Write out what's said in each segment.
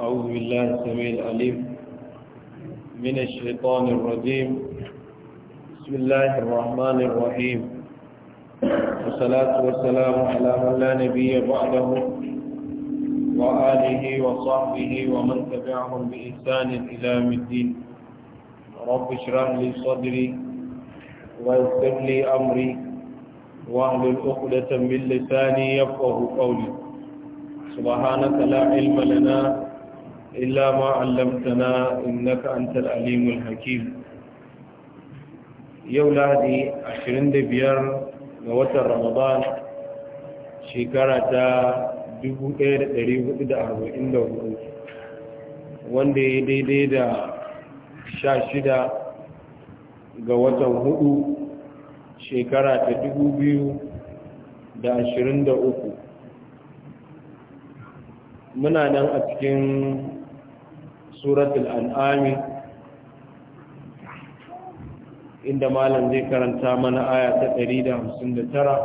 أعوذ بالله السميع العليم من الشيطان الرجيم بسم الله الرحمن الرحيم والصلاة والسلام على من لا نبي بعده وآله وصحبه ومن تبعهم بإحسان إلى يوم الدين رب اشرح لي صدري ويسر لي أمري واحلل عقدة من لساني يفقه قولي سبحانك لا علم لنا إلا ما علمتنا إنك أنت العليم الحكيم يوم لهدي ga watan ووتر رمضان شكرة dubu ɗaya da ɗari hudu da arba'in da hudu wanda ya daidai da sha shida ga watan hudu shekara ta dubu biyu da ashirin da uku muna nan a cikin سورة الأنعام عندما لم ذكر أن تامن آية تريد سنة ترى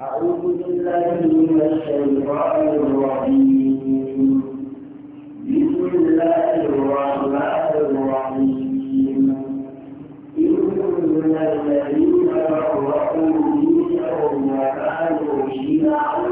أعوذ بالله من الشيطان الرجيم بسم الله الرحمن الرحيم إن الذين فرقوا دينهم وكانوا شيعا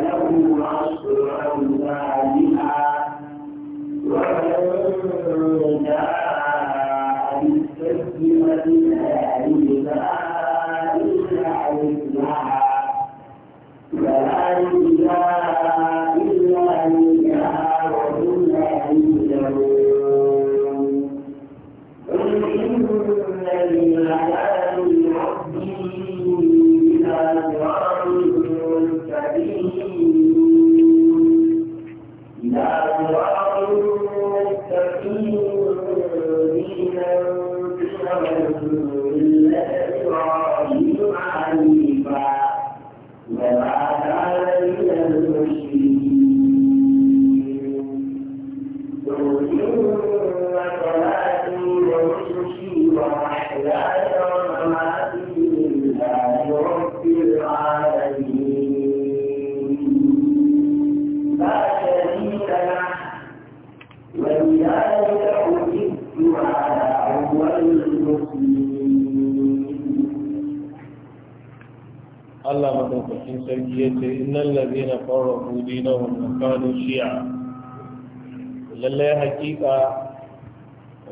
lallai haƙiƙa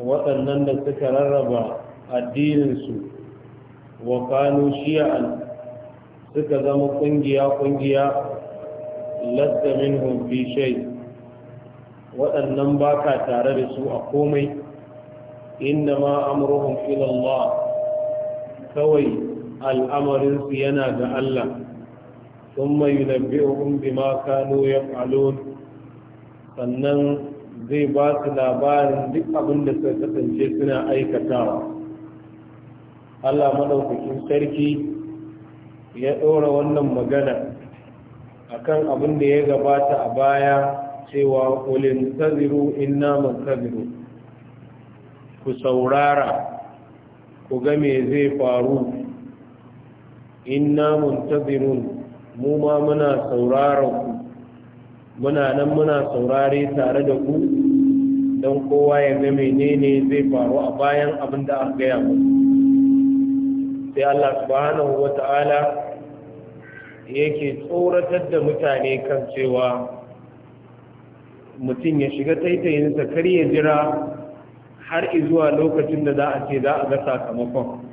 waɗannan da suka rarraba addininsu wa kanu shi'an suka zama ƙungiya-ƙungiya lasta minhum fi shay waɗannan baka tare da su a komai inda ma amruhum ila kawai al'amarinsu yana ga Allah ثم ينبئهم بما كانوا يفعلون sannan zai ba su labarin duk abin da suka kasance suna aikatawa allah maɗaukakin sarki ya ɗora wannan magana akan abin da ya gabata a baya cewa ƙulin taziru inna man taziru ku saurara ku ga me zai faru inna muntazirun mu ma muna sauraron muna nan muna saurare tare da ku don kowa ya ga menene zai faru a bayan abin da aka gaya musu sai Allah subhanahu wata'ala yake tsoratar da mutane kan cewa mutum ya shiga taitayinsa kar ya jira har zuwa lokacin da za a ce za a ga sakamakon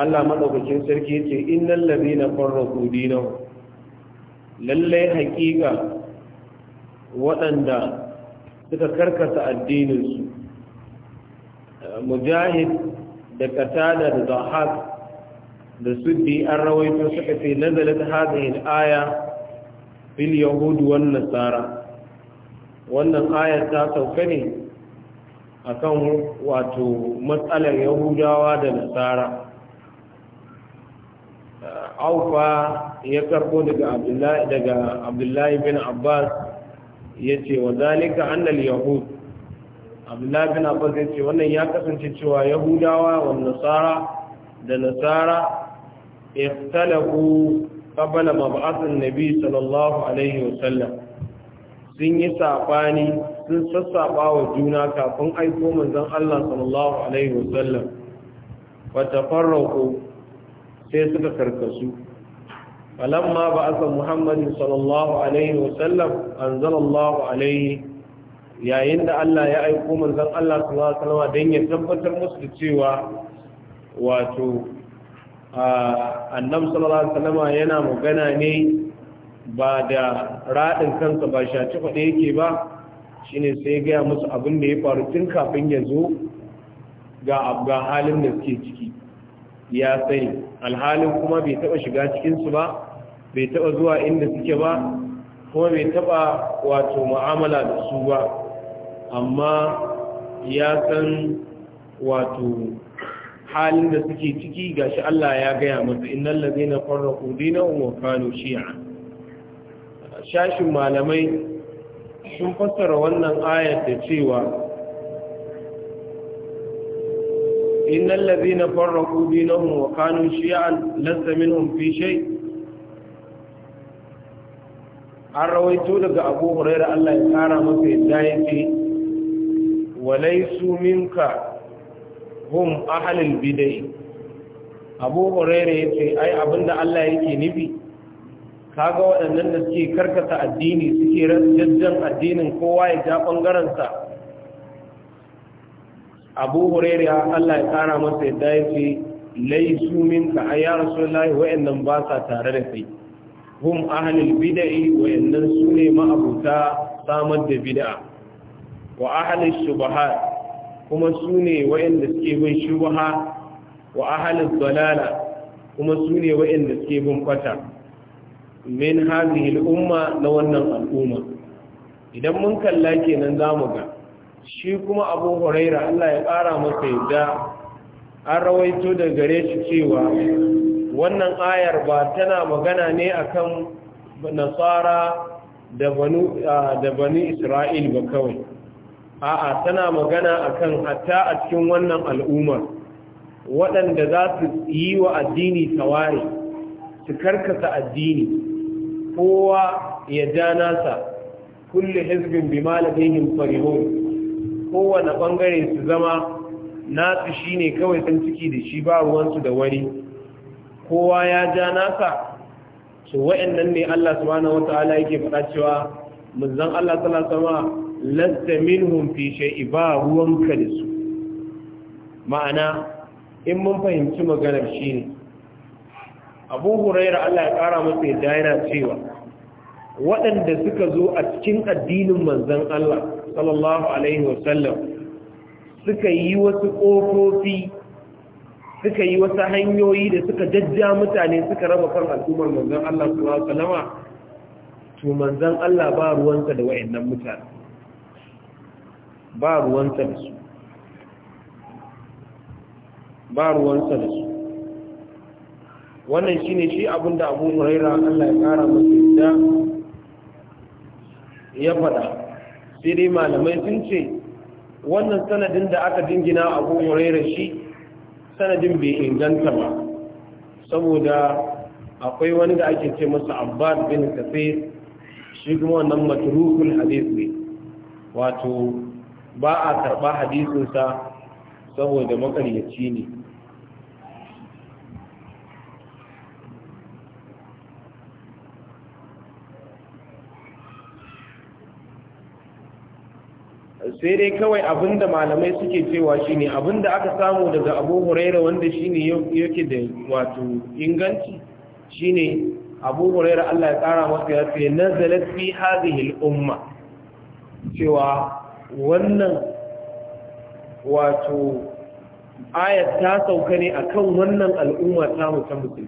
Allah maɗaukakin sarki ce innal ladina farraqu dinahum lallai haƙiƙa waɗanda suka karkasa addininsu mujahid da katada da zahak da suddi an rawaito suka fi nazalat hadhihi aya fil yahud wan nasara wannan ayar ta sauka ne akan wato matsalar yahudawa da nasara aufa ya karbo daga abdullahi daga abdullahi bin abbas ya ce wa zalika annal yahud abdullahi bin abbas ya ce wannan ya kasance cewa yahudawa wa nasara da nasara ikhtalafu qabla mab'athin nabi sallallahu alaihi wasallam sun yi sabani sun sassaba wa juna kafin aiko manzon Allah sallallahu alaihi wasallam wa tafarraqu sai suka karkasu falamma ba aka muhammadin sallallahu alaihi wasallam an zalallahu alaihi yayin da Allah ya aiko manzon Allah sallallahu alaihi wasallam don ya tabbatar musu da cewa wato annabi sallallahu alaihi wasallam yana magana ne ba da radin kansa ba shaci faɗe yake ba shine sai gaya musu abin da ya faru tun kafin ya zo ga halin da suke ciki ya sani alhalin kuma bai taba shiga cikinsu ba bai taba zuwa inda suke ba kuma bai taba wato mu'amala da su ba amma ya san wato halin da suke ciki gashi Allah ya gaya masa innal ladina farraqu dinahum wa kanu shi'a shashin malamai sun fassara wannan ayar da cewa إن na فرقوا دينهم وكانوا Shi'a, لست منهم في شيء an rawaito daga abu huraira Allah ya kara masa yadda ya ce walaisu minka hum ahalil bidai abu huraira ya ce ai abinda Allah yake nufi kaga waɗannan da suke karkata addini suke jajjan addinin kowa ya ja ɓangarensa abu huraira Allah ya kara masa yadda ya ce laisu minka ka. ya rasulullahi wa'annan ba sa tare da kai hum ahlul bid'i wa'annan su ne ma'abuta samar da bid'a wa ahlul shubahat kuma su ne wa'anda suke bin shubaha wa ahlul dalala kuma su ne wa'anda suke bin fata min hadhihi al-umma na wannan al'umma idan mun kalla kenan zamu ga shi kuma abu huraira Allah ya ƙara masa yadda an rawaito da gare shi cewa wannan ayar ba tana magana ne akan nasara da banu isra'il ba kawai a'a tana magana akan hatta a cikin wannan al'ummar, waɗanda za su yi wa addini taware su karkasa addini kowa ya ja nasa kulle hizbin bi malamin farihun kowane ɓangare su zama nasu shi ne kawai sun ciki da shi ba ruwansu da wani kowa ya ja nasa su wa'annan ne Allah subhanahu wata'ala yake faɗa cewa muzan Allah sallallahu alaihi wasallam lasta fi shay'i ba ruwanka da su ma'ana in mun fahimci maganar shi ne abu huraira Allah ya ƙara masa ya daina cewa waɗanda suka zo a cikin addinin manzan Allah sallallahu alaihi wasallam suka yi wasu ƙofofi suka yi wasu hanyoyi da suka jajja mutane suka raba kan al'ummar manzon Allah sallallahu alaihi wasallama to manzon Allah ba ruwansa da wayannan mutane ba ruwansa da su ba ruwansa da su wannan shine shi abinda Abu Hurairah Allah ya kara masa ya faɗa sai dai malamai sun ce wannan sanadin da aka dingina abu da shi sanadin bai inganta ba saboda akwai wani da ake ce masa abbas bin kafe shi kuma wannan matrukul hadith ne wato ba a karba hadisinsa saboda makaryaci ne sai dai kawai abinda malamai suke cewa shine abinda aka samu daga Abu Huraira wanda shine yake da wato inganci shine Abu Huraira Allah ya tsara masa ya ce nazalat fi hadhihi al-umma cewa wannan wato ayat ta sauka ne akan wannan al'umma ta mutum musulmi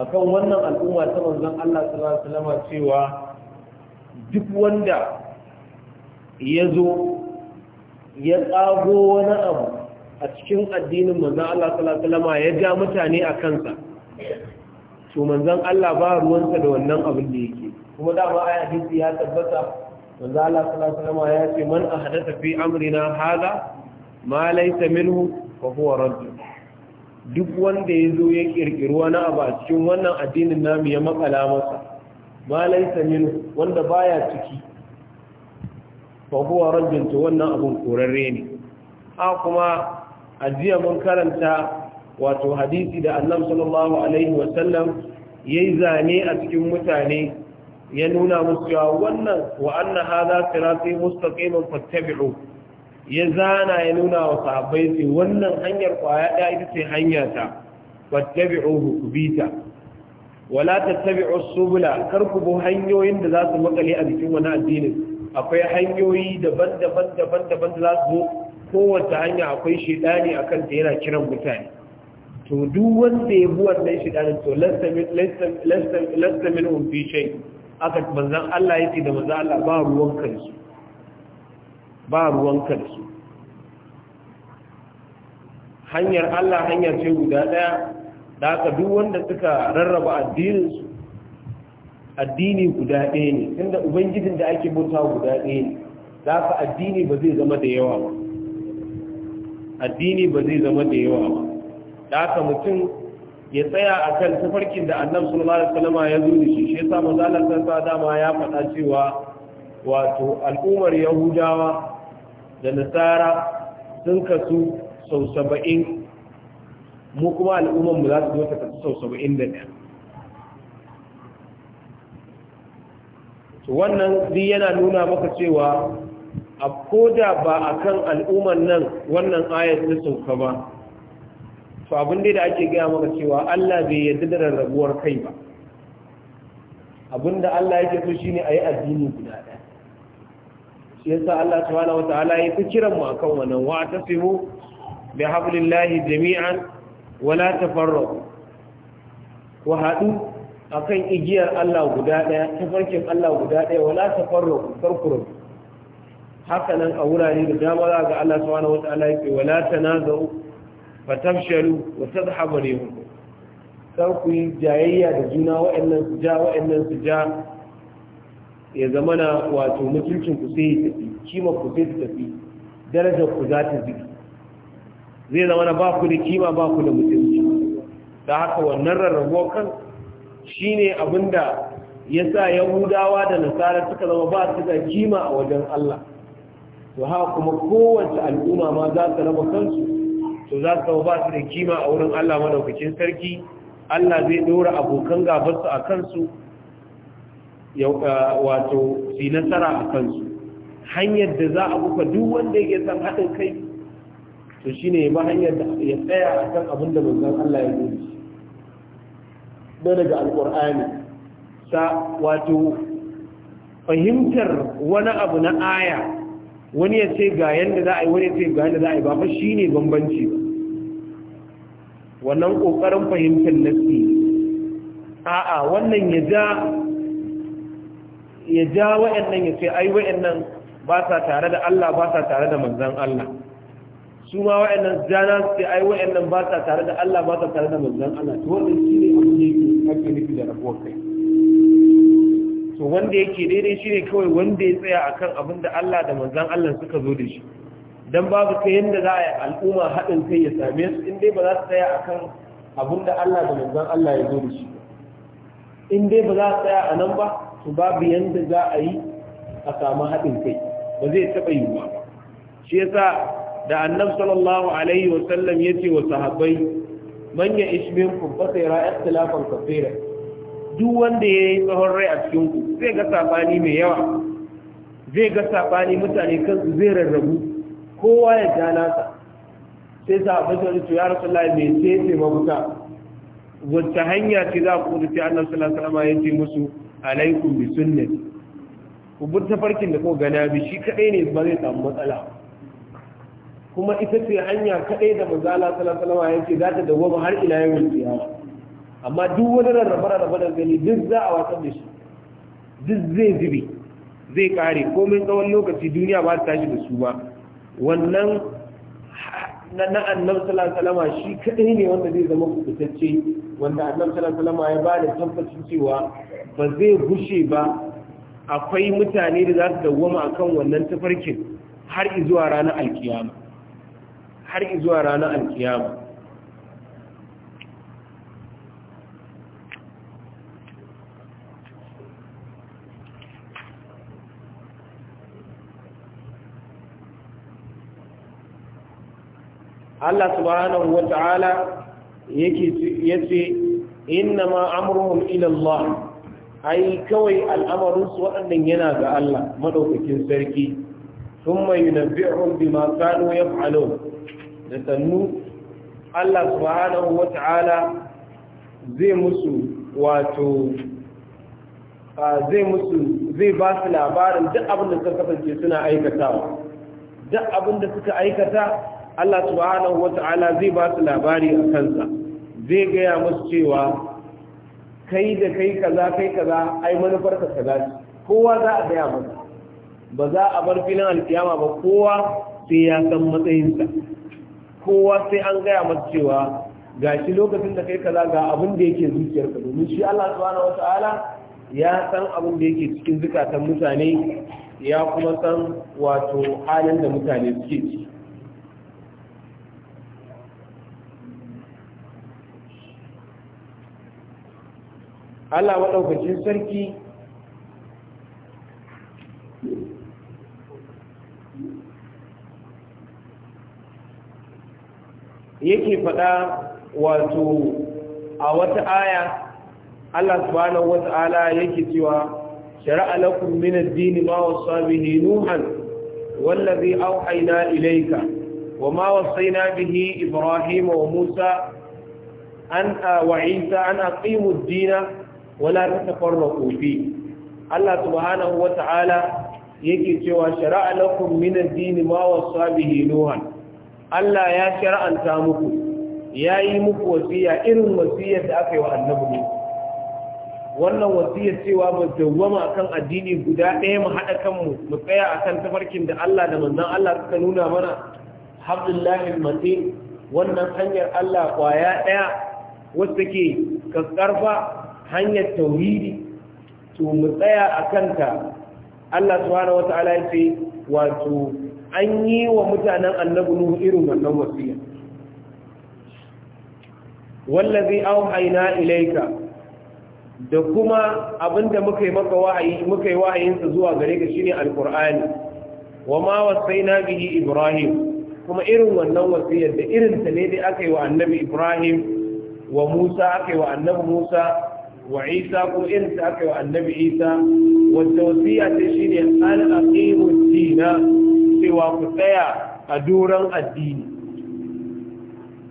akan wannan al'umma ta manzon Allah sallallahu alaihi wasallam cewa duk wanda ya zo ya tsago wani abu a cikin addinin manzan Allah salama ya ja mutane a kansa to manzan Allah ba ruwansa da wannan abin da yake kuma dama ai hadisi ya tabbata manzan Allah salama ya ce man a ahdatha fi amrina hada ma laisa minhu fa huwa duk wanda ya zo ya kirkiri wani abu a cikin wannan addinin namu ya makala masa ma laisa minhu wanda baya ciki fa huwa wannan abun korarre ne a kuma ajiya mun karanta wato hadisi da annabi sallallahu alaihi wa sallam yayi zane a cikin mutane ya nuna musu cewa wannan wa anna hadha sirati mustaqiman fattabi'u ya zana ya nuna wa sabai sai wannan hanyar kwaya da ita ce hanya ta fattabi'uhu bita wala tattabi'us subula karku bu hanyoyin da za su makale a cikin wani addinin akwai hanyoyi daban-daban daban-daban za su kowace hanya akwai shidani a kanta yana kiran mutane to duk wanda ya bi wannan shidanin to lasta min umfi shai aka manzan Allah ya ce da manzan Allah ba ruwan kansu ba ruwan kansu hanyar Allah hanyar ce guda daya da aka duk wanda suka rarraba addininsu addini guda ɗaya ne tunda ubangijin da ake bauta guda ɗaya ne za ka addini ba zai zama da yawa ba addini ba zai zama da yawa ba da aka mutum ya tsaya a kan tafarkin da annan sallallahu alaihi wasallam ya zo da shi shi sa manzo Allah sallallahu dama ya faɗa cewa wato al'ummar yahudawa da nasara sun kasu sau saba'in mu kuma al'ummar mu za su zo ta kasu sau saba'in da ɗaya wannan zai yana nuna maka cewa a koda ba akan al'umman nan wannan ayat ta sauka ba to abin da ake gaya maka cewa Allah bai yarda da rarrabuwar kai ba abinda Allah yake so shine ayi addini guda ɗaya shi yasa Allah subhanahu ta'ala ya fi kiran mu akan wannan wa tasimu bi hablillahi jami'an wala tafarraqu wa haɗu. akan igiyar Allah guda ɗaya tafarkin Allah guda ɗaya wala tafarru karkuru haka nan a wurare da dama za ga Allah subhanahu wataala yake wala tanazu tafshalu wa tadhhabu rihukum kar ku yi jayayya da juna wa'annan su ja wa'annan su ja ya zama na wato mutuncin ku sai ya tafi kima ku sai tafi darajar ku za ta ziki zai zama na ba ku da kima ba ku da mutunci da haka wannan rarrabuwar kan shine abinda sa yahudawa da nasara suka zama ba su da kima a wajen Allah to haka kuma kowace al'umma ma za su raba kansu to za su zama ba su da kima a wurin Allah madaukakin sarki Allah zai dora abokan gabarsu a kansu wato su nasara a kansu hanyar da za a buka duk wanda ya san haɗin kai to shine ba hanyar da ya tsaya a kan abin da manzon Allah ya gudu na daga alkur'ani ta wato fahimtar wani abu na aya wani ya ce ga yadda za a yi wani ya ce ga yadda za a yi ba fa shi ne bambanci ba wannan ƙoƙarin fahimtar a a'a wannan ya ja ya ja wa'annan ya ce ai wa'annan ba sa tare da Allah ba sa tare da manzan Allah su ma wa'annan zana su ce ai wa'annan ba ta tare da Allah ba ta tare da manzon Allah to wannan ne abin da yake kake nufi da rabuwar kai to wanda yake daidai ne kawai wanda ya tsaya akan abin da Allah da manzon Allah suka zo da shi dan babu kai yanda za a yi al'umma haɗin kai ya same su in dai ba za su tsaya akan abin da Allah da manzon Allah ya zo da shi in dai ba za su tsaya a nan ba to babu yanda za a yi a samu haɗin kai ba zai taɓa yiwuwa ba shi yasa da annab sallallahu alaihi sallam ya ce wa sahabbai manya ishmin ku fa sai ra'a ikhtilafan kafira duk wanda ya yi tsohon rai a cikin ku zai ga sabani mai yawa zai ga sabani mutane su zai rarrabu kowa ya ja nasa sai sahabbai sun ce ya lai mai ce ce mabuta wacce hanya ce za ku da ce annab sallallahu alaihi wasallam ya ce musu alaikum bi sunnati ku bi tafarkin da kuka gana bi shi kadai ne ba zai samu matsala kuma ita ce hanya kaɗai da manzala sallallahu alaihi ce za ta dawwama har ila yawan kiyama amma duk wani rarraba rarraba da gani duk za a wasan da shi duk zai zube zai kare komai tsawon lokaci duniya ba ta tashi da su ba wannan na na annab sallallahu alaihi shi kadai ne wanda zai zama kubutacce wanda annab sallallahu alaihi wasallam ya ba da tabbacin cewa ba zai gushe ba akwai mutane da za su dawwama akan wannan tafarkin har zuwa ranar alkiyama har zuwa ranar alkiyama Allah subhanahu wa ta'ala yake yace inna ma amruhum ila Allah ai kawai al'amarin su waɗannan yana ga Allah madaukakin sarki thumma yunabbi'uhum bima ya yaf'alun da sannu Allah subhanahu wa ta'ala zai musu wato zai musu zai ba su labarin duk abin da suka kasance suna aikatawa duk abin da suka aikata Allah subhanahu wa ta'ala zai ba su labari a kansa zai gaya musu cewa kai da kai kaza kai kaza ai manufar ka kaza kowa za a gaya masa ba za a bar filin alkiyama ba kowa sai ya san matsayinsa kowa sai an gaya masa cewa ga shi lokacin da kai kaza ga abin da yake zuciyarka domin shi Allah subhanahu wata'ala ya san abin da yake cikin zukatan mutane ya kuma san wato halin da mutane suke ci Allah maɗaukacin sarki yake faɗa wato a wata aya Allah subhanahu wata'ala yake cewa shari'a lakum min ad-din ma wasa bihi nuhan wallazi awhayna ilayka wama wasayna bihi ibrahim wa musa an wa isa an aqimu ad-din wa la tatafarraqu fi Allah subhanahu wata'ala yake cewa shari'a lakum min ad-din ma wasa bihi nuhan Allah ya shar'anta muku ya yi muku wasiya irin wasiyar da aka yi wa annabi ne wannan wasiyar cewa mu dawwama akan addini guda ɗaya mu haɗa kanmu mu tsaya akan tafarkin da Allah da manzon Allah suka nuna mana Abdullahi al wannan hanyar Allah kwaya ɗaya wacce take kaskarfa hanyar tauhidi to mu tsaya a kanta Allah subhanahu wata'ala ya ce wato an yi wa mutanen annabi nuhu irin wannan wasiya wallazi auhayna ilayka da kuma abinda muka yi maka wahayi muka yi wahayin sa zuwa gare ka shine alqur'ani ma wasaina bihi ibrahim kuma irin wannan wasiyar da irin ta ne dai aka yi wa annabi ibrahim wa musa aka yi wa annabi musa wa isa kuma irin ta aka yi wa annabi isa wa tawsiya ta shine an aqimu dinna cewa ku tsaya a duran addini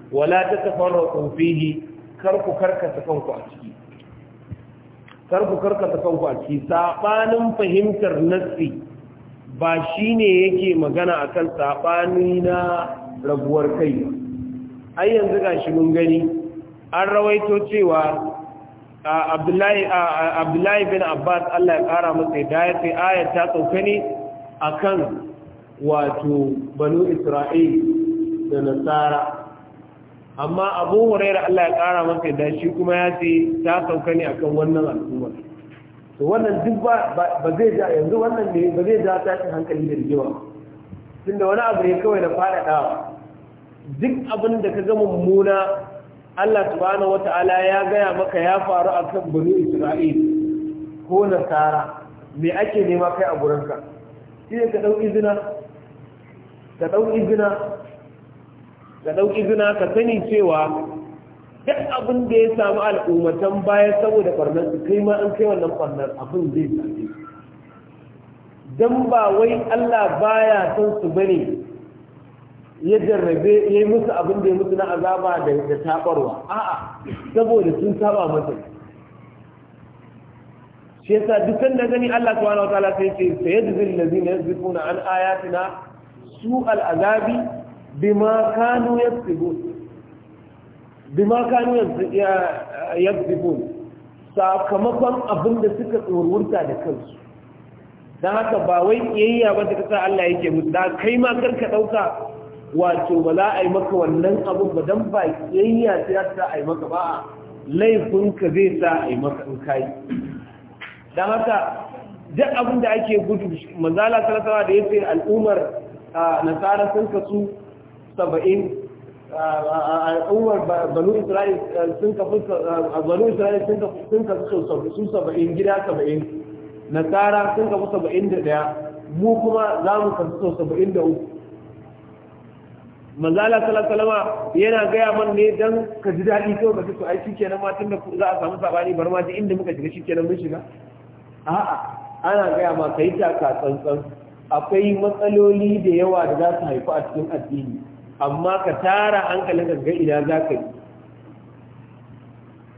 wala ta tafarraku fihi karku karkata kanku a ciki kar karkata kanku a ciki sabanin fahimtar nassi ba shi ne yake magana akan saɓani na rabuwar kai ai yanzu gashi mun gani an rawaito cewa abdullahi bin abbas allah ya kara masa ya ce ayat ta tsokani ne akan wato banu isra'il da nasara amma abu huraira Allah ya kara masa da shi kuma ya ce ta sauka ne akan wannan al'umma to wannan duk ba ba zai ja yanzu wannan ne ba zai ja tashin hankali da rigewa tunda wani abu ne kawai da fara dawa duk abin da ka ga mummuna Allah subhanahu wata'ala ya gaya maka ya faru akan bani Isra'il ko nasara me ake nema kai a gurinka sai ka dau izina ka ɗau izina ka ɗau izina ka sani cewa duk abin da ya samu al'ummatan baya saboda ɓarnar su kai ma an kai wannan ɓarnar abin zai same don ba wai Allah baya son su bane ya jarrabe ya yi musu abin da ya musu na azaba da ya tabarwa a'a saboda sun saba masa shi yasa dukkan da gani Allah subhanahu wataala sai ce sayyidul ladina yazbuna an ayatina su al'azabi bima kanu bima sakamakon abin da suka tsorurta da kansu don haka ba wai yayya ba ta kasa Allah yake mutu da kai ma karka ɗauka wato ba za a yi maka wannan abin ba don ba yayya ta yi sa a yi maka ba laifinka zai sa a yi maka in kayi don haka duk abin da ake gudu manzala salatawa da ya fi al'ummar nasara sun kasu saba'in al'ummar banu isra'il sun kasu banu isra'il sun kasu saba'in gida saba'in nasara sun kasu saba'in da daya mu kuma za mu kasu saba'in da uku manzala salasalama yana gaya man ne don ka ji daɗi kawai ka fito ai aiki kenan ma tun da za a samu sabani bar ma ji inda muka shiga shi kenan mun shiga a'a ana gaya ma ka yi taka tsantsan akwai matsaloli da yawa da za su haifu a cikin addini amma ka tara hankalin gaggai idan za ka yi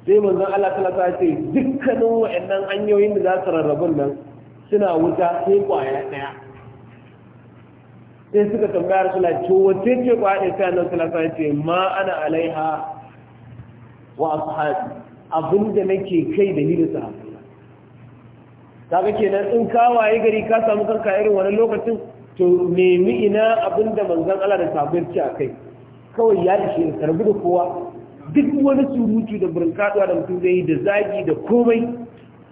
sai manzon Allah ta lasa ce dukkanin wa'annan hanyoyin da za su rarrabun nan suna wuta sai kwaya ɗaya sai suka tambaya suna ce wace ce kwaya ɗaya sai annan salasa ce ma ana alaiha wa ashabi abinda nake kai da ni kaga kenan in ka waye gari ka samu kanka irin wani lokacin to nemi ina abinda manzon Allah da sabon a kai? kawai ya dace ka rabu da kowa duk wani surutu da burkaduwa da mutum zai yi da zagi da komai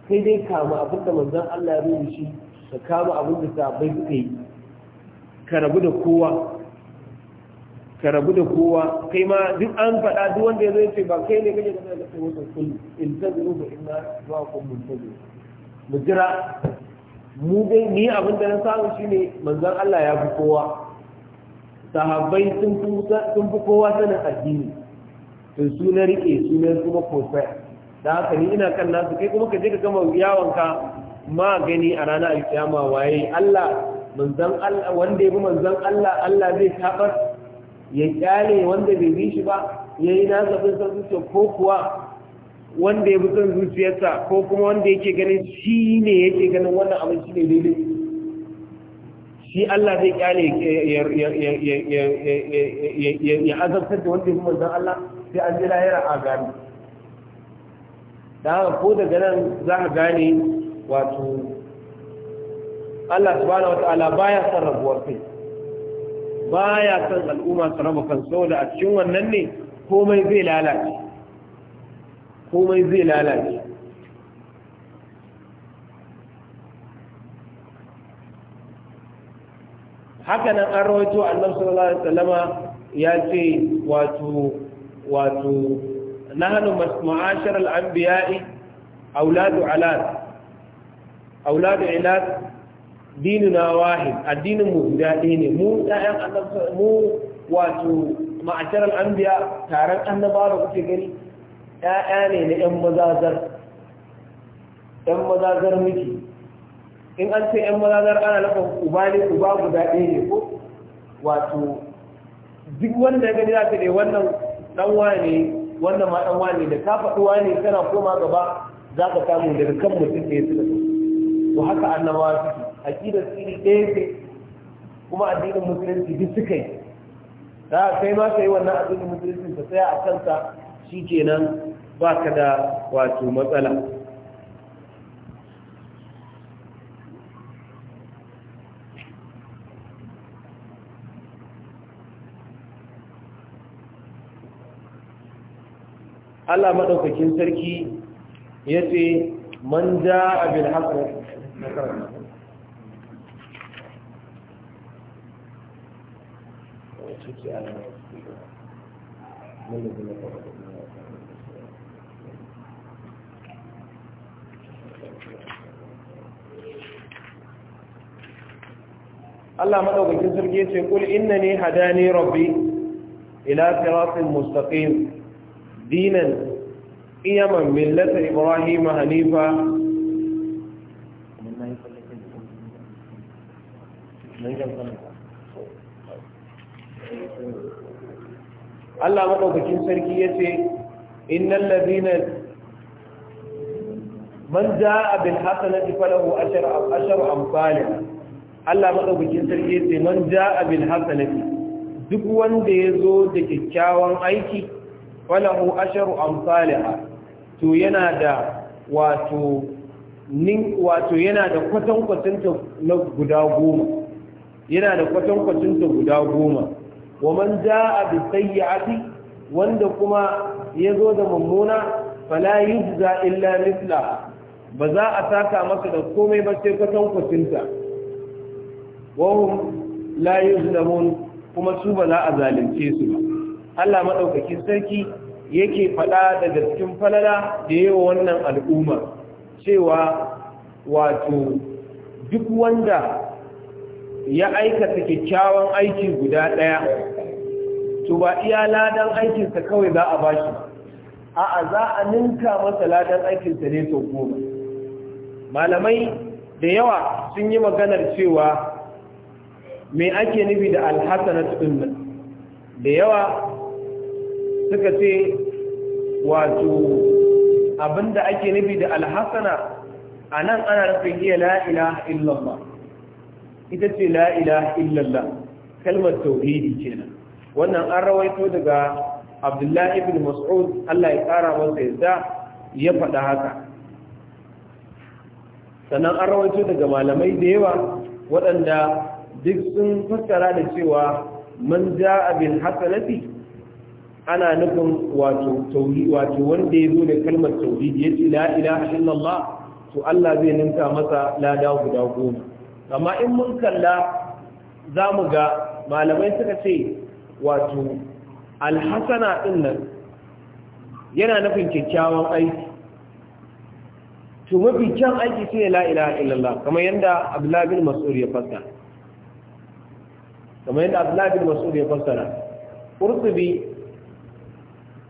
sai dai kama abinda manzon Allah ya rubuta shi ka kama abinda sabai suka yi ka rabu da kowa ka rabu da kowa kai ma duk an faɗa duk wanda ya zo ya ce ba kai ne kake da kai da kai wasu kullu in taziru ba inna ba kun muntaziru mu jira mu dai ni abin da na samu shine manzon Allah ya fi kowa sahabbai sun fi kowa sanin addini to su na rike su kuma kofai da haka ni ina kan nasu kai kuma ka je ka gama yawonka ma gani a ranar alkiyama waye Allah manzon Allah wanda ya bi manzon Allah Allah zai tabar ya kyale wanda bai bi shi ba yayi nasa zabin san ko kuwa wanda ya bi son zuciyarsa ko kuma wanda yake ganin shi ne yake ganin wannan abin shi ne daidai shi Allah zai kyale ya azabtar da wanda ya fi manzan Allah sai an ji lahira a gani da haka ko daga nan za a gane wato Allah subhanahu ta'ala baya son rabuwar kai baya son al'umma su raba kan saboda a cikin wannan ne komai zai lalace komai zai lalace haka nan an rawaito annabi sallallahu alaihi wasallama ya ce wato wato nahnu ma'ashar al-anbiya'i auladu alad auladu ilad dinuna wahid addinin mu guda ɗaya ne mu ɗayan annabi mu wato ma'ashar al-anbiya taron annabawa da kuke gani 'ya'ya ne na 'yan mazazar 'yan mazazar miki in an ce 'yan mazazar ana nufin uba ne uba guda ɗaya ne ko wato duk wanda ya gani za ta ne eh, wannan ɗanwa ne wannan ma ɗanwa ne da ka faɗuwa ne kana koma gaba za ka samu daga kan mutum ɗaya suka zo to haka annabawa suke aƙidar ne ɗaya ce kuma addinin musulunci duk suka yi za kai ma ka yi wannan addinin musulunci ka tsaya a kansa shi kenan ba ka da wato matsala Allah maɗaukakin sarki ya ce man ja abin haƙo Thank you. Allah madaukakin sarki ya ce kul innani hadani rabbi ila siratin mustaqim dinan qiyaman millata ibrahim hanifa Allah madaukakin sarki ya ce innal ladina man jaa bil hasanati falahu ashar ashar amsalih Allah madaukakin sarki sai man jaa bil hasanati duk wanda yazo da kikkiawan aiki falahu ashar amsalih to yana da wato nin wato yana da kwatan ta na guda goma yana da kwatan ta guda goma wa man jaa bi sayyi'ati wanda kuma yazo da mummuna fala yuzza illa mithla ba za a saka masa da komai ba sai kwatan kwacinta wahum la yuzlamun kuma su ba za a zalunce su ba Allah maɗaukakin sarki yake faɗa daga cikin falala da yawa wannan al'umma cewa wato duk wanda ya aikata kyakkyawan aiki guda ɗaya to ba iya ladan aikinsa kawai za a bashi a'a za a ninka masa ladan aikinsa ne sau goma malamai da yawa sun yi maganar cewa me ake nufi da alhassanatu dinnan da yawa suka ce wato abinda ake nufi da Alhassanar? a nan ana nufin iya la'ila illallah ita ce la'ila illallah kalmar tauhidi kenan wannan an rawaito daga abdullahi ibn mas'ud Allah ya kara masa yadda ya faɗa haka sannan an rawaito daga malamai da yawa waɗanda duk sun fassara da cewa man ja'a bil hasanati ana nufin wato tauhid wato wanda ya zo da kalmar tauhid ya ce la ilaha illallah to Allah zai ninka masa lada guda goma amma in mun kalla zamu ga malamai suka ce wato alhassana din nan yana nufin kyakkyawan aiki to mafi kyan aiki shine la ilaha illallah kamar yadda abdullahi bin mas'ud ya fassara kamar yadda abdullahi bin mas'ud ya fassara qurtubi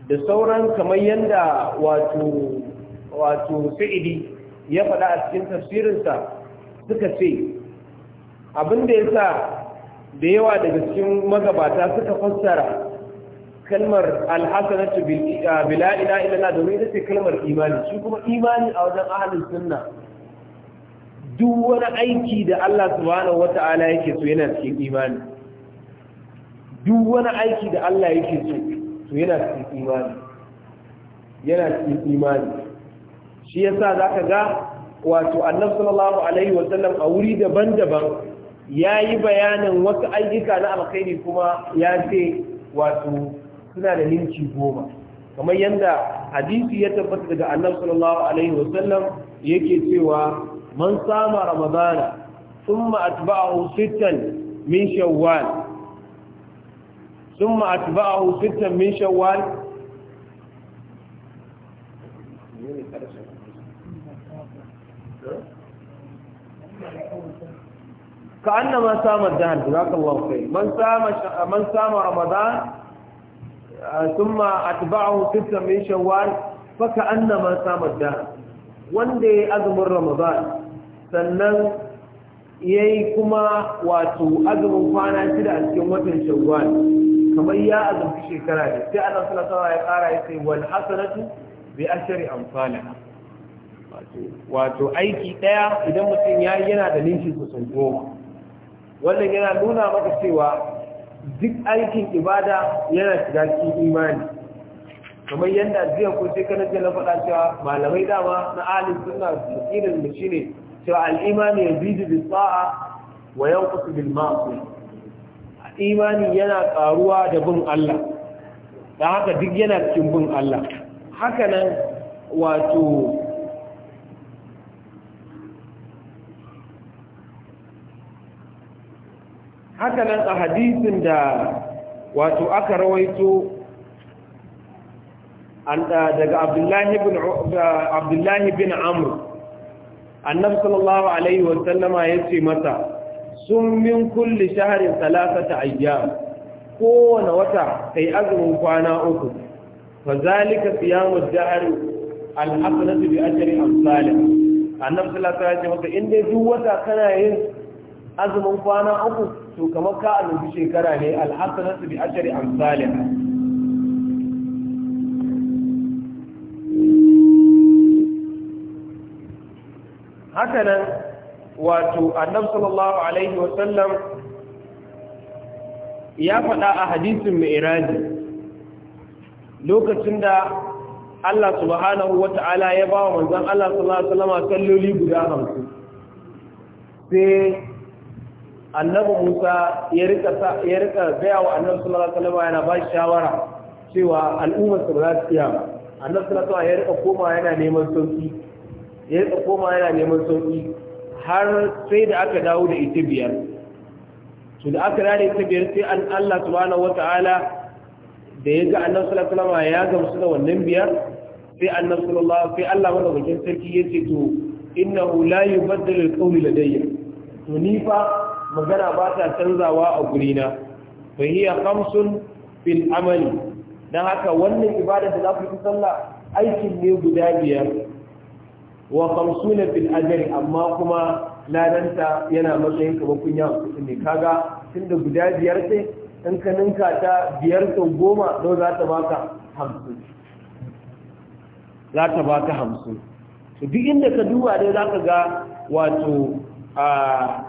da sauran kamar yadda wato wato sa'idi ya faɗa a cikin tafsirinsa suka ce abin da ya sa da yawa daga cikin magabata suka fassara kalmar alhasanatu uh, bila ila illa domin ita ce kalmar imani shi kuma imani a wajen ahlus sunna duk wani aiki da Allah subhanahu wata'ala yake so yana cikin imani duk wani aiki da Allah yake so to yana cikin imani yana cikin imani shi yasa zaka ga wato annabi sallallahu alaihi sallam a wuri daban-daban ya yi bayanin wasu ayyuka na alkhairi kuma ya ce wato suna da minti goma kamar yadda hadisi ya tabbata daga annabi sallallahu alaihi wasallam yake cewa man sama ramadana thumma atba'ahu sittan min shawwal thumma atba'ahu sittan min shawwal كأنما سام الدهر جزاك الله خير man sama man sama رمضان ثم أتبعه ستة من شوال فكأنما سام الدهر wanda ya yi azumin ramadan sannan ya yi kuma wato azumin kwana shida a cikin watan shawwal kamar ya azumci shekara da sai Allah sallallahu alaihi ya kara ya wani wal hasanatu bi ashri amsalha wato aiki daya idan mutum ya yana da ninki kusan goma wannan yana nuna maka cewa duk aikin ibada yana shiga cikin imani kamar yadda ziya ko sai kana na faɗa cewa malamai dama na alim suna irin shi ne cewa al-imani yazidu bis sa'a wa yanqusu bil ma'siyah imani yana karuwa da bin Allah da haka duk yana cikin bin Allah haka nan wato haka nan a hadisin da wato aka rawaito daga abdullahi bin amur annabi sallallahu alaihi wasallama ya ce mata sun min kulli shaharin talatata ayyam kowane wata kai azumin kwana uku fa zalika siyamud dahr al-hasanatu bi ajri amsalih annabi sallallahu alaihi wasallam inda duk wata kana yin azumin kwana uku to kamar ka a annabi shekara ne alhasanatu bi ashri amsalha haka nan wato annabi sallallahu alaihi wa sallam ya faɗa a hadisin mi'raji lokacin da Allah subhanahu wa ta'ala ya ba wa manzon Allah sallallahu alaihi wa sallama salloli guda 50 sai annabi Musa ya rika sa ya rika gaya wa annabi sallallahu alaihi wasallam yana ba shawara cewa al'ummar su ba su iya annabi sallallahu alaihi ya rika koma yana neman sauki ya rika koma yana neman sauki har sai da aka dawo da ita biyar to da aka dawo da ita biyar sai an Allah subhanahu wataala da ya ga annabi sallallahu alaihi wasallam ya gamsu da wannan biyar sai annabi sallallahu sai Allah madaukakin sarki ya ce to innahu la yubaddalu al-qawlu ladayya to ni fa magana ba ta canzawa a gurina fa hiya khamsun fil amali dan haka wannan ibada da zaku yi sallah aikin ne guda biyar wa khamsun fil ajri amma kuma ladanta yana matsayin ya su ne kaga tunda guda biyar sai in ka ninka ta biyar sau goma do za ta baka hamsin za ta baka hamsin duk inda ka duba dai za ka ga wato a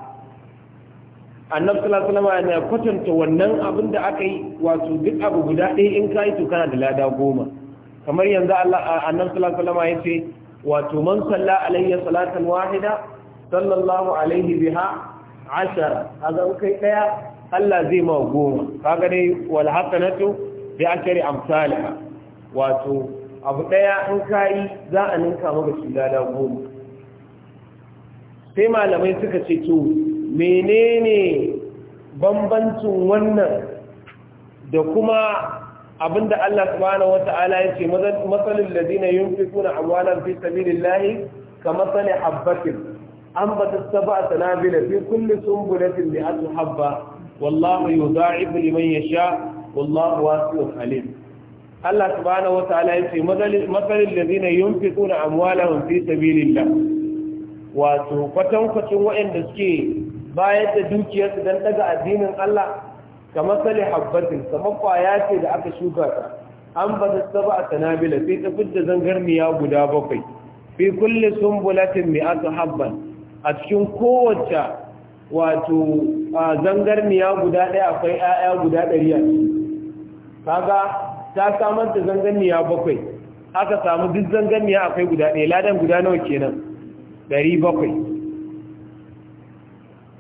annabi sallallahu alaihi wasallam ya kwatanta wannan abin da aka yi wato duk abu guda ɗaya in kai to kana da lada goma kamar yanzu Allah annabi sallallahu alaihi wasallam ya ce wato man salla alayya salatan wahida sallallahu alaihi biha ashara haza kai daya Allah zai ma goma kaga dai wal hasanatu bi akari amsalha wato abu daya in kai za a ninka maka shi lada goma sai malamai suka ce to menene bambancin wannan da kuma abinda Allah subhanahu wata'ala ya ce matsalin lazina yin fi kuna amwalar fi sabilin lahi ka matsalin habbatin an ba ta saba a sanabila fi kulle sun bulatin da asu habba wallahu yau za'ibu liman ya sha wallahu wasu halim Allah subhanahu wata'ala ya ce matsalin lazina yin fi kuna amwalar fi sabilin lahi wato kwatankwacin waɗanda suke bayar da dukiyarsu don daga addinin Allah ga matsali habbatin kamar kwaya ce da aka shuka ta an ba ta saba a sanabila sai ta fidda zangarniya guda bakwai fi kulle sumbulatin mai aka habban a cikin kowace wato zangarniya guda ɗaya akwai 'ya'ya guda ɗari a kaga ta samar da zangarniya bakwai aka samu duk zangarniya akwai guda ɗaya ladan guda nawa kenan ɗari bakwai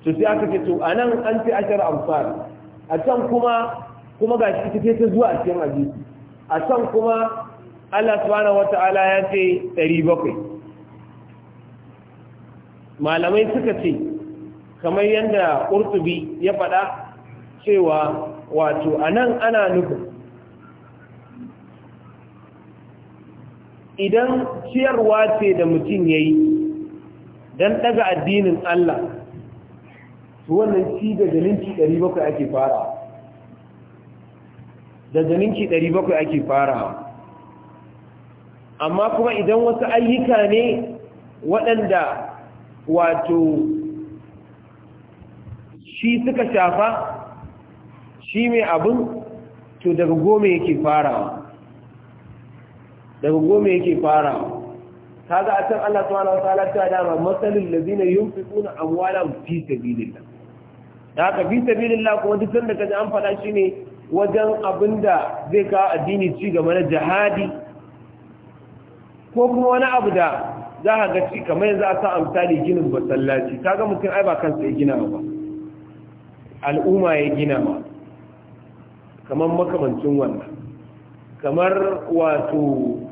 to sai aka ce to anan an fi ashar amsal a can kuma kuma gashi ita ta zuwa cikin hadisi a can kuma Allah subhanahu wata'ala ya ce 700 malamai suka ce kamar yadda Qurtubi ya faɗa cewa wato anan ana nufin idan ciyarwa ce da mutum yayi dan daga addinin Allah to wannan shi daga ninki 700 ake fara daga ninki 700 ake fara amma kuma idan wasu ayyuka ne waɗanda wato shi suka shafa shi mai abin to daga goma yake farawa daga goma yake farawa kaga a can Allah subhanahu wa ta'ala ta dama masalul ladina yunfiquna amwalahum fi sabilillah da haka fi sabilillah kuma duk sanda kaji an faɗa shi ne wajen abin da zai kawo addini ci gaba na jihadi ko kuma wani abu da za a ga ci kamar yanzu a sa amsali ginin masallaci ga mutum ai ba kansa ya gina ba al'umma ya gina ba. kamar makamancin wannan kamar wato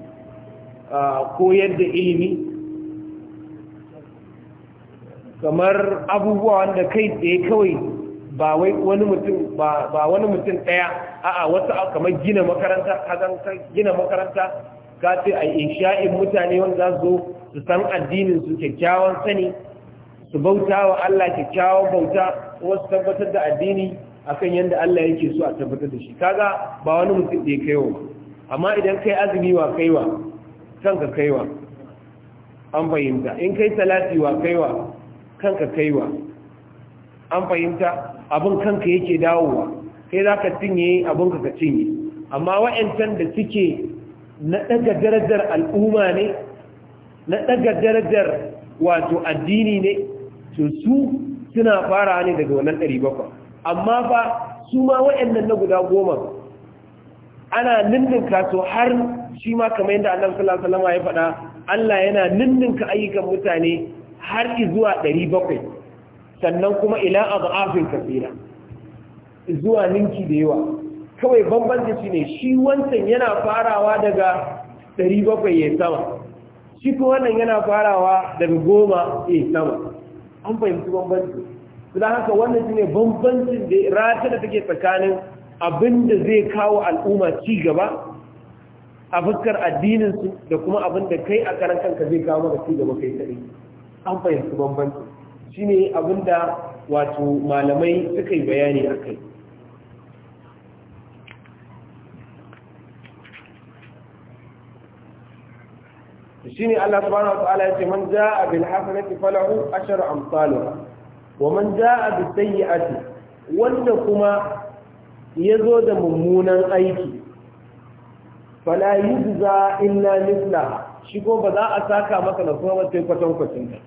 koyar da ilimi kamar abubuwa wanda kai tsaye kawai ba wani mutum ba wani mutum daya a'a wasu kamar gina makaranta kazan gina makaranta ka ce a insha'in mutane wanda za su zo su san addinin su kyakkyawan sani su bauta wa Allah kyakkyawan bauta wasu tabbatar da addini akan yadda Allah yake so a tabbatar da shi kaga ba wani mutum da ya wa amma idan kai azumi wa kaiwa kanka kaiwa an fahimta in kai salati wa kaiwa kanka kaiwa an fahimta abin kanka yake dawowa sai za ka cinye abin ka cinye amma wa'yancan da suke na ɗaga darajar al'umma ne na ɗaga darajar wato addini ne to su suna fara ne daga wannan ɗari bakwai amma fa su ma wa'yannan na guda goma ana ninninka so har shi ma kamar yadda allah sallallahu alaihi ya faɗa Allah yana ninninka ayyukan mutane har zuwa ɗari bakwai sannan kuma ila a kafira zuwa ninki da yawa kawai bambanci shi ne shi wancan yana farawa daga ɗari bakwai ya sama shi kuma wannan yana farawa daga goma ya sama an fahimci bambanci da haka wannan shi ne bambancin da rata da take tsakanin abin da zai kawo al'umma ci gaba a fuskar addininsu da kuma abin da kai a karan kanka zai kawo maka ci gaba kai kaɗai an fahimci bambanci abin abinda wato malamai suka yi bayani a kai ne Allah ala wataala ce man jaa bil hasanati falahu ashru amsalha wa man jaa bis ake wanda kuma ya zo da mummunan aiki falayi za illa mislaha shigo ba za a saka maka na kuma sai kwatankwacin ka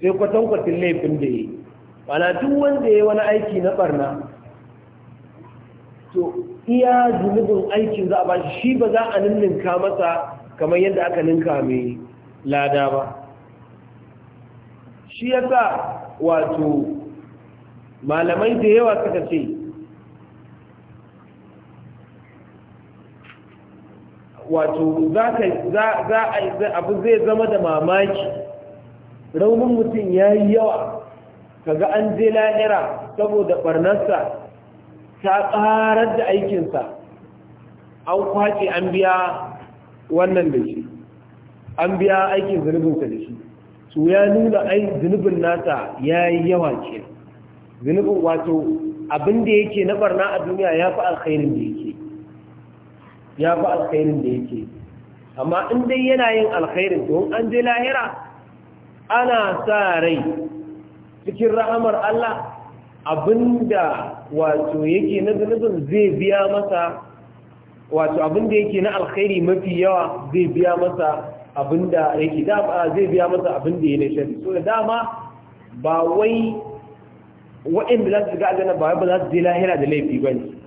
sai kwatankwacin laifin da yi mana duk wanda ya yi wani aiki na barna to iya zunubin aikin za a ba shi ba za a ninninka masa kamar yadda aka ninka mai lada ba shi ya sa, wato malamai da yawa suka ce wato za a abu zai zama da mamaki raunin mutum ya yi yawa kaga an je lahira saboda barnarsa ta ƙarar da aikinsa an kwace an biya wannan da shi an biya aikin zunubinsa da shi su ya nuna ai zunubin nasa ya yi yawa ke zunubin wato abin da yake na barna a duniya ya fi alkhairin da yake ya fi alkhairin da yake amma in dai yana yin alkhairin to an je lahira ana sa rai cikin rahamar Allah abinda wato yake na zunubin zai biya masa wato abinda yake na alkhairi mafi yawa zai biya masa abinda yake dama zai biya masa abinda ya na shari so da dama ba wai waɗanda za su ga aljanna ba wai ba za su je lahira da laifi ba ne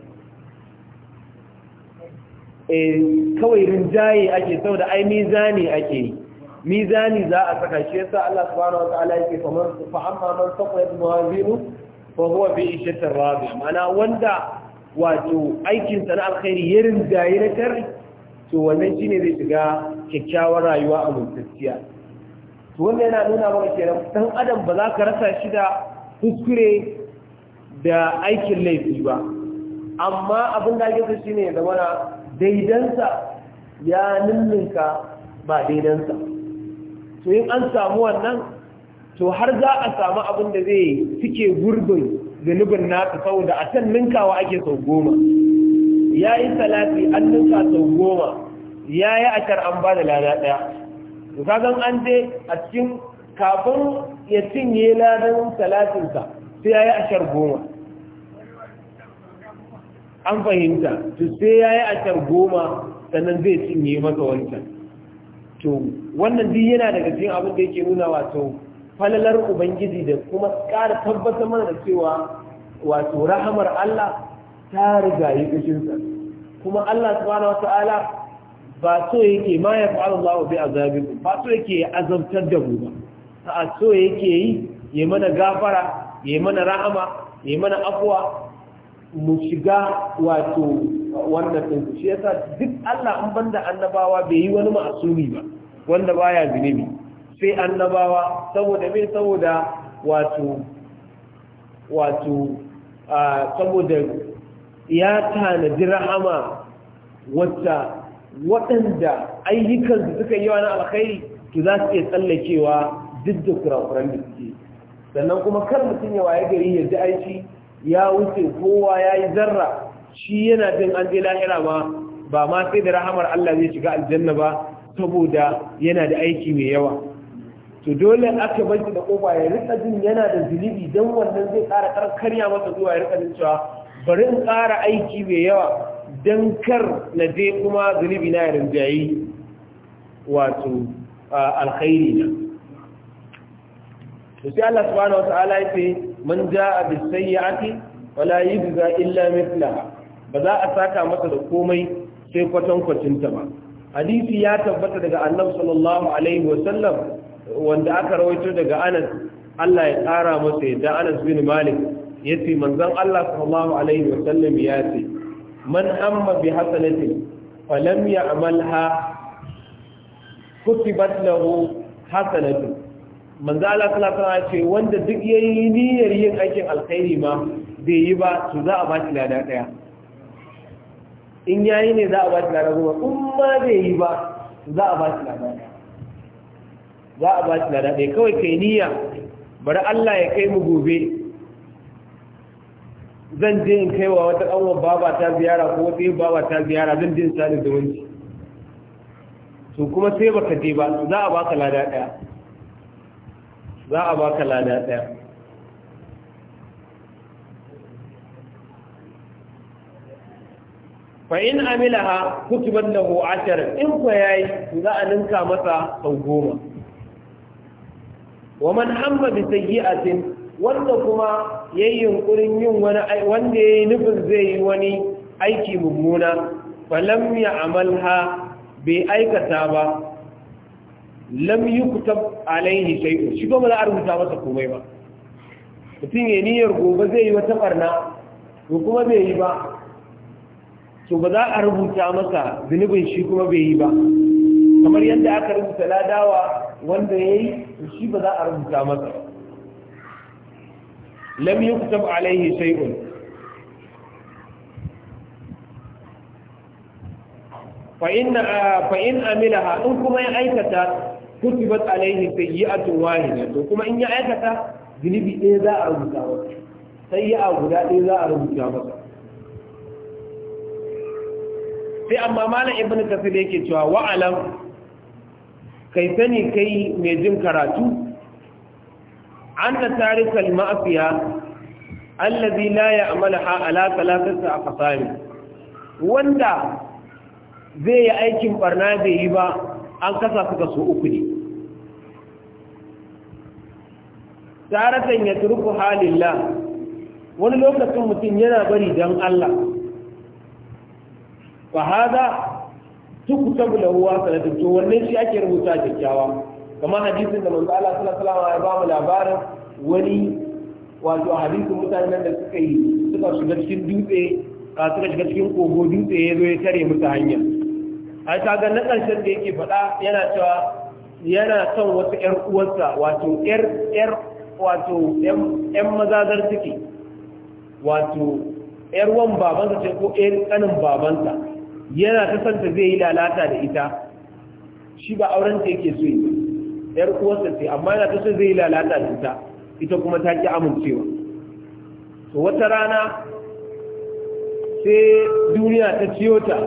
Eh, kawai rinjaye ake saboda ai mizani ake yi mizani za a saka shi yasa Allah subhanahu wa ta'ala yake kamar fa amma man saqat mawazinu fa huwa fi ishatir rabi mana wanda wato aikin sa na alkhairi ya rinjaye na kar to wannan shine zai shiga kyakkyawar rayuwa a mutacciya to wannan yana nuna maka kenan dan adam ba za ka rasa shi da kuskure da aikin laifi ba amma abin da ake so shine ya zamana. daidansa ya nillinka ba daidansa to yin an samu wannan to har za a samu abin da zai suke gurbin zunubin naka saboda a can ninkawa ake sau goma ya yi salati an ninka sau goma ya yi kar an ba da lada ɗaya kagan an je a cikin kafin ya cinye ladan salatinsa sai ya yi ashar goma an fahimta to sai ya yi ashar goma sannan zai cinye masa wancan to wannan duk yana daga cikin abin da yake nuna wato falalar ubangiji da kuma ƙara tabbatar mana da cewa wato rahamar Allah ta riga yi fushinsa kuma Allah subhanahu wata'ala ba so yake ma ya fa'ala Allah bi azabi ba so yake azabtar da mu ba a so yake yi ya mana gafara ya mana rahama ya mana afwa mu shiga wato wannan ɗin shi yasa duk Allah an banda annabawa bai yi wani ma'asumi ba wanda baya zunubi sai annabawa saboda me saboda wato wato saboda ya tanadi rahama wacce waɗanda su suka yi wani alkhairi to za su iya tsallakewa duk da kurakuran da suke sannan kuma kar mutum ya waye gari ya ji aiki ya wuce kowa ya yi zarra shi yana jin an je lahira ma ba ma sai da rahamar Allah zai shiga aljanna ba saboda yana da aiki mai yawa to dole aka bar da kofa ya rika jin yana da zunubi dan wannan zai ƙara karkarya masa zuwa ya rika jin cewa bari in ƙara aiki mai yawa dan kar na je kuma zunubi na ya rinjayi wato alkhairi na to sai Allah subhanahu wataala ya ce man ja'a bis ake. wala yujza illa mitla ba za a saka masa da komai sai kwatankwacin kwatunta ba hadisi ya tabbata daga annabi sallallahu alaihi wasallam wanda aka rawaito daga Anas Allah ya tsara masa yadda Anas bin Malik yace manzon Allah sallallahu alaihi wasallam ya ce man amma bi hasanatin falam ya'malha kutibat lahu hasanatu manzo Allah sallallahu alaihi wasallam ce wanda duk yayi niyyar yin aikin alkhairi ma bai yi ba to za a ba shi lada daya in yayi ne za a ba shi lada goma in ma bai yi ba za a ba shi lada daya za a ba shi lada daya kawai kai niyya bari Allah ya kai mu gobe zan je in kaiwa wata kanwar baba ta ziyara ko wata baba ta ziyara zan je in sani zumunci to kuma sai baka je ba za a ba ka lada daya za a baka lada ɗaya fa in amilaha kutibat lahu ashar in ko yayi za a ninka masa sau goma wa man hamma bi sayyi'atin wanda kuma yayi yunkurin yin wani wanda yayi nufin zai yi wani aiki mummuna lam ya amalha bai aikata ba lam yuktab alaihi shay'un shi ba za a rubuta masa komai ba mutum ya niyyar gobe zai yi wata barna to kuma bai yi ba to ba za a rubuta masa zunubin shi kuma bai yi ba kamar yadda aka rubuta ladawa wanda ya yi shi ba za a rubuta masa lam yuktab alaihi shay'un fa in amila in kuma ya aikata kutibat alaihi sayyi'atun wahida to kuma in ya aikata zunubi ɗaya za a rubuta masa sayyi'a guda ɗaya za a rubuta masa sai amma malam ibnu kasir yake cewa wa'alam kai sani kai mai jin karatu An anna tarikal ma'asiya allazi la ya'malha ala thalathati aqsami wanda zai yi aikin barna bai yi ba an kasa su ga su uku ne taratan ya turku halillah wani lokacin mutum yana bari don Allah fa hada da lahu hasanatu to wannan shi ake rubuta kyakkyawa kamar hadisin da manzo Allah sallallahu alaihi sallam ya ba labarin wani wato hadisin mutanen da suka yi suka shiga cikin dutse ka suka shiga cikin kogo dutse ya zo ya tare musu hanya ai ta ga na ƙarshen da yake faɗa yana cewa yana son wasu ƴar uwarsa wato ƴar ƴar wato ‘yan mazazar suke wato ‘yarwan babansa ce ko ‘yan ƙanin babansa yana ta santa zai yi lalata da ita shi ba auren ta yake so yi ‘yar uwarsa ce amma yana ta so zai yi lalata da ita ita kuma ta ki amincewa to wata rana sai duniya ta ciyo ta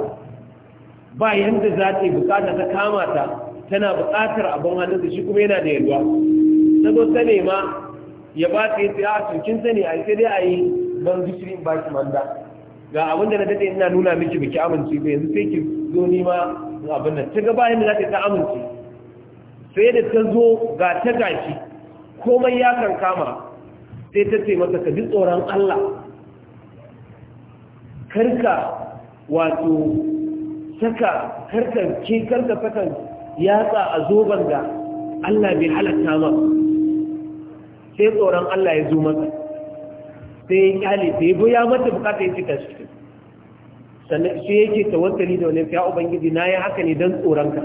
ba yadda za ta yi bukata ta kama ta tana bukatar abin hannunsa shi kuma yana da yalwa ta zo ta nema ya ba ta yi a cikin ah, sani a sai dai a yi ban gishiri ba baki manda ga abinda na daɗe ina nuna miki biki amince ba yanzu sai ki zo ni ma abin nan ta ga bayan da za ta yi ta amince sai da ta zo ga ta gashi komai ya kankama sai ta ce masa ka ji tsoron Allah karka wato saka karka ke karka saka yatsa a zoban da Allah bai halatta ma sai tsoron Allah ya zo masa sai ya kyale sai ya ya mata bukata ya cika shi sannan shi yake tawakkali da wani fiya ubangiji na yi haka ne don tsoronka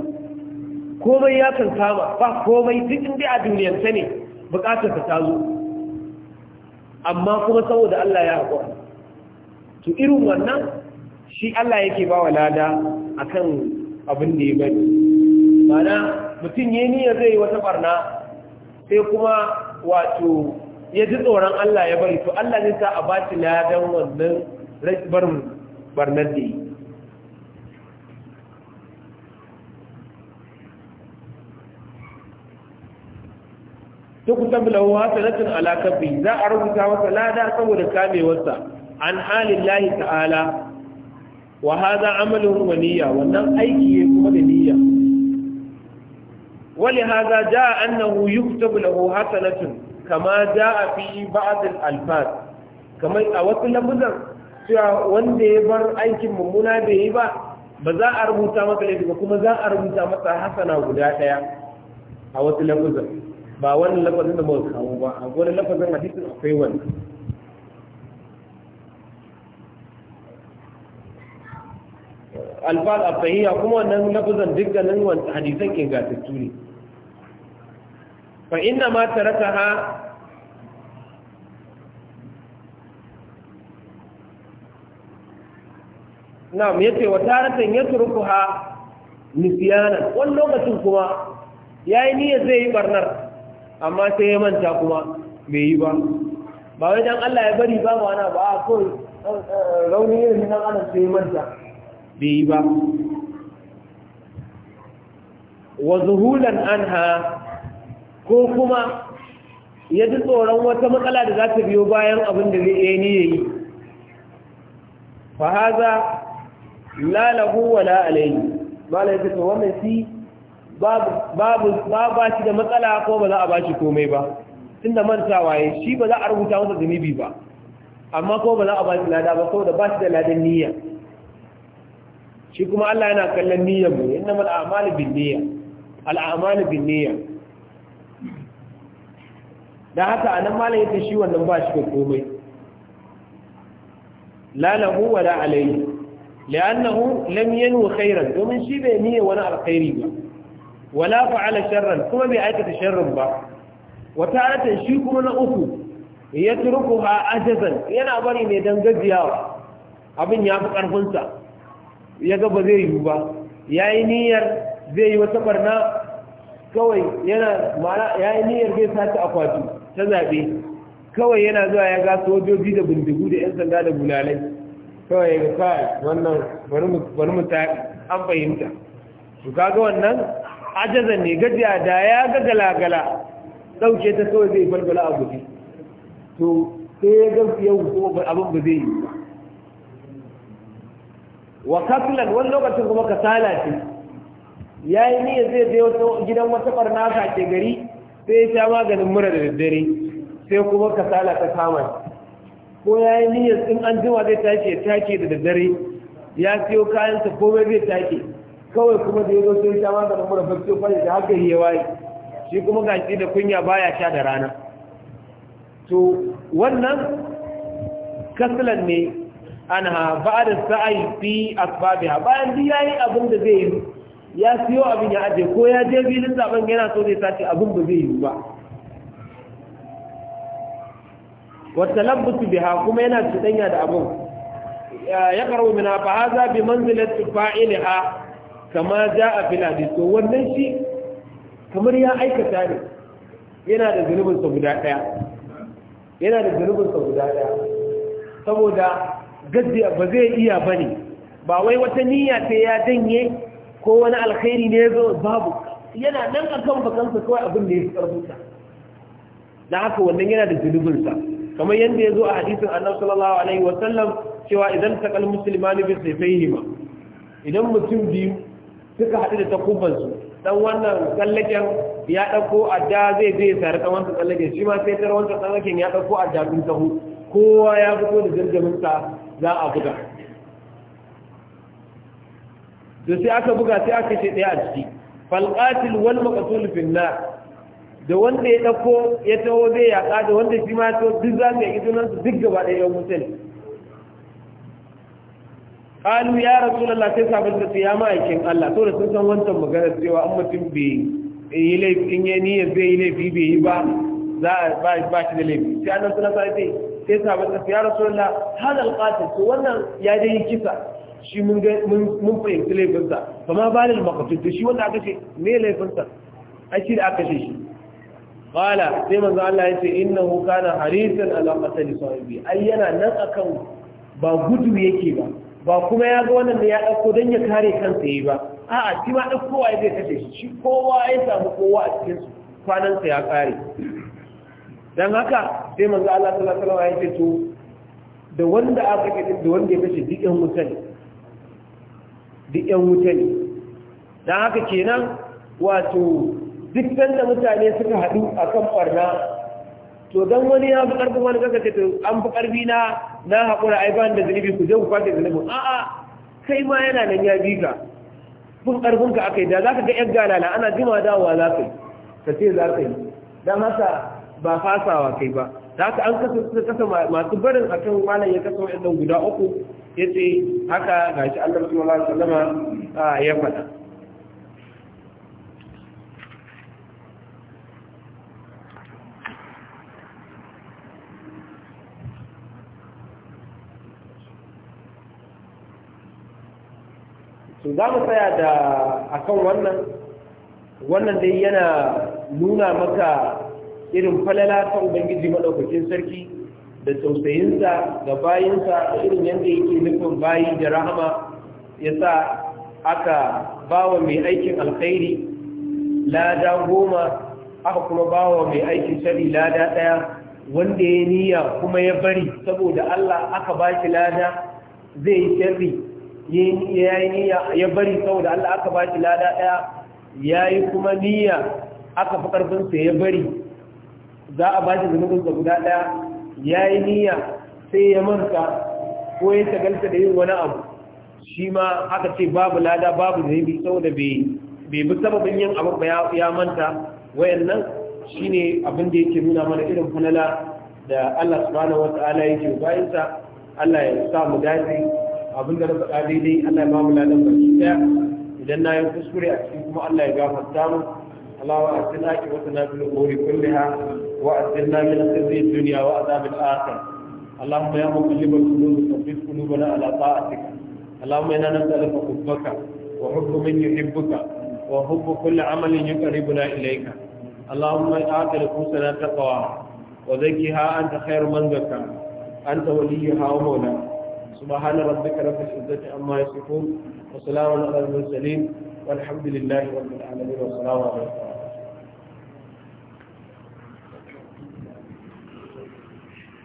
komai ya kan kama ba komai duk inda a duniyarsa ne bukatar ka ta zo amma kuma saboda Allah ya haƙura to irin wannan shi Allah yake ba wa lada akan abin da ya bari mana mutum ya niyyar zai wata barna sai kuma wato ya ji tsoron Allah ya bari to Allah ne sa a ba shi ladan wannan barin barnar da yi ta kusan bilahu hasanatin alakabi za a rubuta masa lada saboda kamewarsa an halin lahi ta'ala wa haza amalin wa niyya wannan aiki ya kuma da niyya Wani har za a anan wu yuk ta bulamu kama za a fi ba'adin alfas? Kamai a wasu lambuzan, su wanda ya bar aikin mummuna bai yi ba? Ba za a rubuta masa laifin ba kuma za a rubuta masa Hassana guda ɗaya? A wasu lambuzan, ba a wannan lafazan da ban samu ba. A wani lafazan a cikin akwai wani. alfal asahiya kuma wannan lafazan dukkanin hadisan ingantattu ne fa inna ma tarakaha na'am yace wa taratan yatrukuha nisyanan wani lokacin kuma yayi niyyar zai yi barnar amma sai ya manta kuma bai yi ba ba wai dan Allah ya bari ba ma na ba kawai eh, eh, rauni irin nan ana sai ya manta bai ba wa zuhulan anha ko kuma ya ji tsoron wata matsala da za ta biyo bayan abin da zai yi ni yayi fahaza lalahu wa alayhi malai ta wannan shi ba shi da matsala ko ba za a ba shi komai ba tunda mantawa waye shi ba za a rubuta masa zunubi ba amma ko ba za a ba bashi lada ba saboda ba shi da ladan niyya shi kuma Allah yana kallon niyyar mu inna mal a'malu bin niyya al a'malu bin niyya dan haka anan malam yace shi wannan ba shi da komai la lahu wa la alayhi li'annahu lam yanwi khairan domin shi bai niyya wani alkhairi ba wala fa'ala sharran kuma bai aikata sharrin ba Wata ta'atan shi kuma na uku yatrukuha ajazan yana bari ne dan gajiyawa abin ya fi karfin ya gaba zai yi ba ya yi niyyar zai yi wata barna kawai yana mara ya yi niyyar zai sace akwati ta zaɓe kawai yana zuwa ya ga sojoji da bindigu da 'yan sanda da bulalai kawai ya ga wannan bari mu ta an fahimta su kaga wannan ajazan ne gajiya da ya ga galagala ɗauke ta kawai zai falfala a guji to sai ya ga yau ko abin ba zai yi ba wa kaslan wani lokacin kuma kasala ce ya yi niyyar zai zai wata gidan wata barna ka ke gari sai ya sha maganin mura da daddare sai kuma kasala ta kama ko ya yi niyyar in an jima zai tashi ya take da daddare ya siyo kayansa komai zai take kawai kuma da ya zo sai sha maganin mura fa ciyo fari da haka yi waye shi kuma shi da kunya baya sha da rana to wannan kaslan ne ba da sa'i fi asbabiha bayan duk yayi abin da zai yi ya siyo abin ya aje ko ya je filin zaben yana so zai sace abin ba zai yi ba wa talabbusu biha kuma yana cuɗanya da abin ya karo mina fa haza bi manzilati fa'ilha kama jaa fil hadith to wannan shi kamar ya aikata ne yana da zanubin sa guda daya yana da zanubin sa guda daya saboda gajiya ba zai iya ba ne ba wai wata niyya ta ya janye ko wani alkhairi ne ya zo babu yana nan a kan bakansa kawai abin da ya fi ƙarfinsa da haka wannan yana da zunubinsa kamar yadda ya zo a hadisin annabi sallallahu alaihi wasallam cewa idan takal muslimani bi sayfayhima idan mutum biyu suka hadu da takubansu dan wannan tsallaken ya ɗauko adda zai je ya sare tsawon tsallaken shi ma sai tarawon tsallaken ya dauko adda ɗin taho kowa ya fito da jirgaminsa za a buga da sai aka buga sai aka ce ɗaya a ciki falƙatil wal maƙasul finna da wanda ya ɗauko ya taho zai yaƙa da wanda shi ma to duk za mu yi su duk gaba ɗaya yau wuta Kalu ya rasu lalla sai sabon da ya ma'aikin Allah to da sun san wancan maganar cewa an mutum bai yi laifi in ya niyyar zai yi laifi bai yi ba za a ba shi da laifi sai nan suna sa zai sai sabon tafi ya rasu Allah hadal to wannan ya dai kisa shi mun mun fahimci laifinsa ba ma balil maqtul to shi wanda aka ce me laifinsa ai da aka ce shi qala sai manzo Allah ya ce innahu kana harisan ala qatl sahibi ai yana nan akan ba gudu yake ba ba kuma ya ga wannan da ya dauko dan ya kare kansa yayi ba a'a shi ma kowa ya zai kace shi shi kowa ya samu kowa a cikin kwanansa ya kare Don haka sai manzo Allah sallallahu alaihi wasallam ya ce to da wanda aka kace da wanda ya kashe duk yan wuta duk yan wuta dan haka kenan wato duk da mutane suka haɗu akan farna to dan wani ya fi karfin wani kaka ce to an fi karfi na na haƙura ai ban da zunubi ku je ku kwace a a'a kai ma yana nan ya bi ka bin karfin ka akai da zaka ga yan galala ana jima dawowa za ka yi ka ce za ka yi dan haka ba fasawa kai ba da haka an kasa kasa masu barin akan malam ya kasa waɗannan guda uku Ya ce haka gashi Allah sallallahu alaihi a ya faɗa za mu tsaya da akan wannan wannan dai yana nuna maka irin falala ta ubangiji maɗaukakin sarki da tausayinsa ga bayinsa da irin yadda yake nufin bayi da rahama ya sa aka bawa mai aikin alkhairi lada goma aka kuma bawa mai aikin shari lada ɗaya wanda ya niyya kuma ya bari saboda Allah aka ba shi lada zai yi shari ya yi niyya ya bari saboda Allah aka ba shi lada ɗaya ya yi kuma niyya aka fi ƙarfinsa ya bari za a bashi zunubin sa guda ɗaya. Ya yi niyya sai ya manta ko ya tagalta da yin wani abu shi ma aka ce babu lada babu zunubi saboda bai bai bi sababin yin abu ba ya manta nan shi ne abin da yake nuna mana irin fanala da Allah subhanahu wataala yake bayin sa Allah ya sa mu dace abin da rasa daidai Allah ya ba mu ladan baki daya idan na yi kuskure a cikin kuma Allah ya gafarta mu Allah wa cikin ki wata na bil umuri kulliha وأجرنا من خزي الدنيا وعذاب الآخرة اللهم يا مقلب القلوب ثبت قلوبنا على طاعتك اللهم إنا نسألك حبك وحب من يحبك وحب كل عمل يقربنا إليك اللهم آت نفوسنا تقواها وزكها أنت خير من زكاها أنت وليها ومولاها سبحان ربك رب العزة عما يصفون وسلام على المرسلين والحمد لله رب العالمين والسلام عليكم